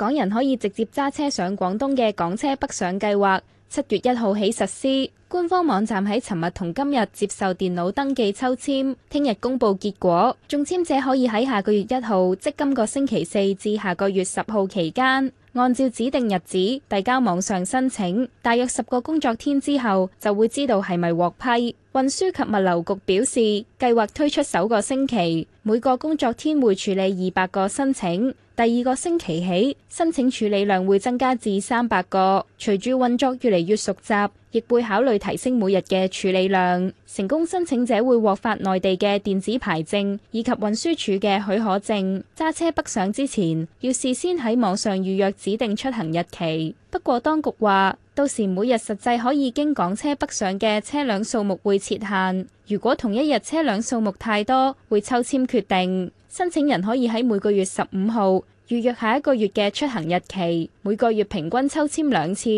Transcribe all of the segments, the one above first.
港人可以直接揸車上廣東嘅港車北上計劃，七月一號起實施。官方網站喺尋日同今日接受電腦登記抽籤，聽日公佈結果。中籤者可以喺下個月一號，即今個星期四至下個月十號期間，按照指定日子遞交網上申請。大約十個工作天之後就會知道係咪獲批。運輸及物流局表示，計劃推出首個星期每個工作天會處理二百個申請，第二個星期起申請處理量會增加至三百個，隨住運作越嚟越熟習，亦會考慮提升每日嘅處理量，成功申請者會獲發內地嘅電子牌證以及運輸署嘅許可證。揸車北上之前，要事先喺網上預約指定出行日期。不過，當局話到時，每日實際可以經港車北上嘅車輛數目會設限。如果同一日車輛數目太多，會抽籤決定。申請人可以喺每個月十五號預約下一個月嘅出行日期。每個月平均抽籤兩次。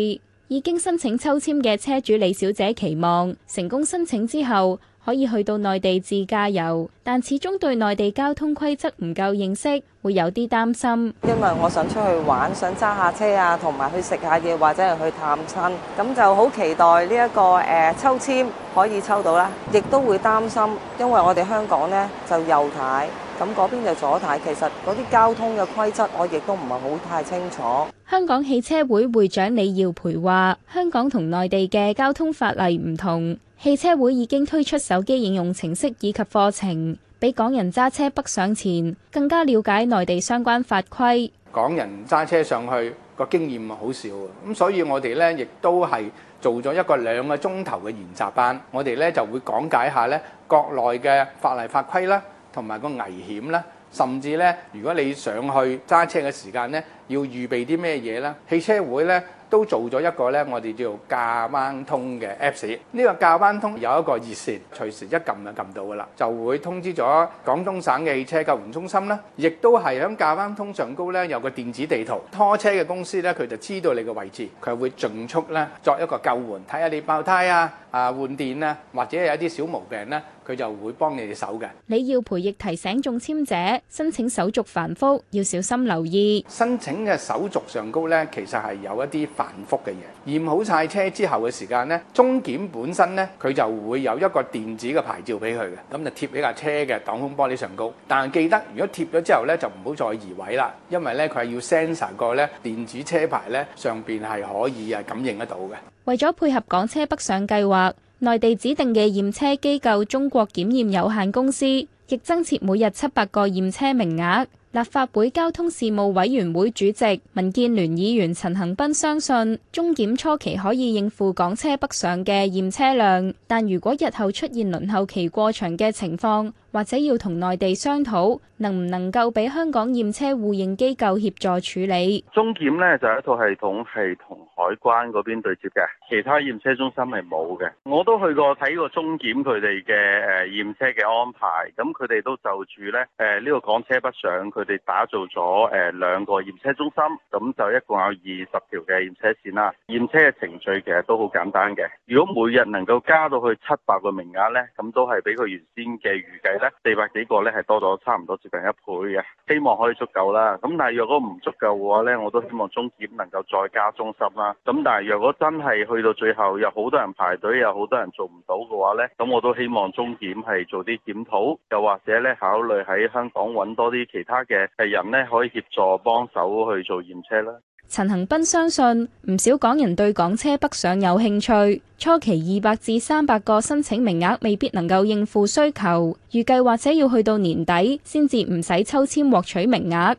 已經申請抽籤嘅車主李小姐，期望成功申請之後可以去到內地自駕遊，但始終對內地交通規則唔夠認識，會有啲擔心。因為我想出去玩，想揸下車啊，同埋去食下嘢，或者係去探親，咁就好期待呢一個誒抽籤可以抽到啦。亦都會擔心，因為我哋香港呢，就右軚，咁嗰邊就左太，其實嗰啲交通嘅規則我亦都唔係好太清楚。香港汽車會會長李耀培話：香港同內地嘅交通法例唔同，汽車會已經推出手機應用程式以及課程，俾港人揸車北上前更加了解內地相關法規。港人揸車上去個經驗好少，咁所以我哋咧亦都係做咗一個兩個鐘頭嘅研習班，我哋咧就會講解下咧國內嘅法例法規啦。同埋個危險啦，甚至咧，如果你上去揸車嘅時間咧，要預備啲咩嘢咧？汽車會咧，都做咗一個咧，我哋叫做駕灣通嘅 Apps。呢個駕灣通有一個熱線，隨時一撳就撳到噶啦，就會通知咗廣東省嘅汽車救援中心啦。亦都係響駕灣通上高咧，有個電子地圖，拖車嘅公司咧佢就知道你嘅位置，佢會盡速咧作一個救援，睇下你爆胎啊、啊換電啊，或者有啲小毛病咧，佢就會幫你哋手嘅。李耀培亦提醒中簽者，申請手續繁複，要小心留意申請嘅手續上高咧，其實係有一啲。繁複嘅嘢，驗好晒車之後嘅時間咧，中檢本身咧佢就會有一個電子嘅牌照俾佢嘅，咁就貼喺架車嘅擋風玻璃上高。但係記得，如果貼咗之後呢，就唔好再移位啦，因為呢，佢係要 sensor 個咧電子車牌呢上邊係可以啊感應得到嘅。為咗配合港車北上計劃，內地指定嘅驗車機構中國檢驗有限公司，亦增設每日七百個驗車名額。立法會交通事務委員會主席、民建聯議員陳恒鑌相信，中檢初期可以應付港車北上嘅驗車量，但如果日後出現輪候期過長嘅情況。或者要同內地商討，能唔能夠俾香港驗車互認機構協助處理？中檢呢，就係一套系統係同海關嗰邊對接嘅，其他驗車中心係冇嘅。我都去過睇過中檢佢哋嘅誒驗車嘅安排，咁佢哋都就住呢誒呢個港車北上，佢哋打造咗誒兩個驗車中心，咁就一共有二十條嘅驗車線啦。驗車嘅程序其實都好簡單嘅，如果每日能夠加到去七百個名額呢，咁都係比佢原先嘅預計。四百幾個咧係多咗差唔多接近一倍嘅，希望可以足夠啦。咁但係若果唔足夠嘅話咧，我都希望中檢能夠再加中心啦。咁但係若果真係去到最後有好多人排隊，有好多人做唔到嘅話咧，咁我都希望中檢係做啲檢討，又或者咧考慮喺香港揾多啲其他嘅人咧可以協助幫手去做驗車啦。陳恒斌相信唔少港人對港車北上有興趣，初期二百至三百個申請名額未必能夠應付需求，預計或者要去到年底先至唔使抽簽獲取名額。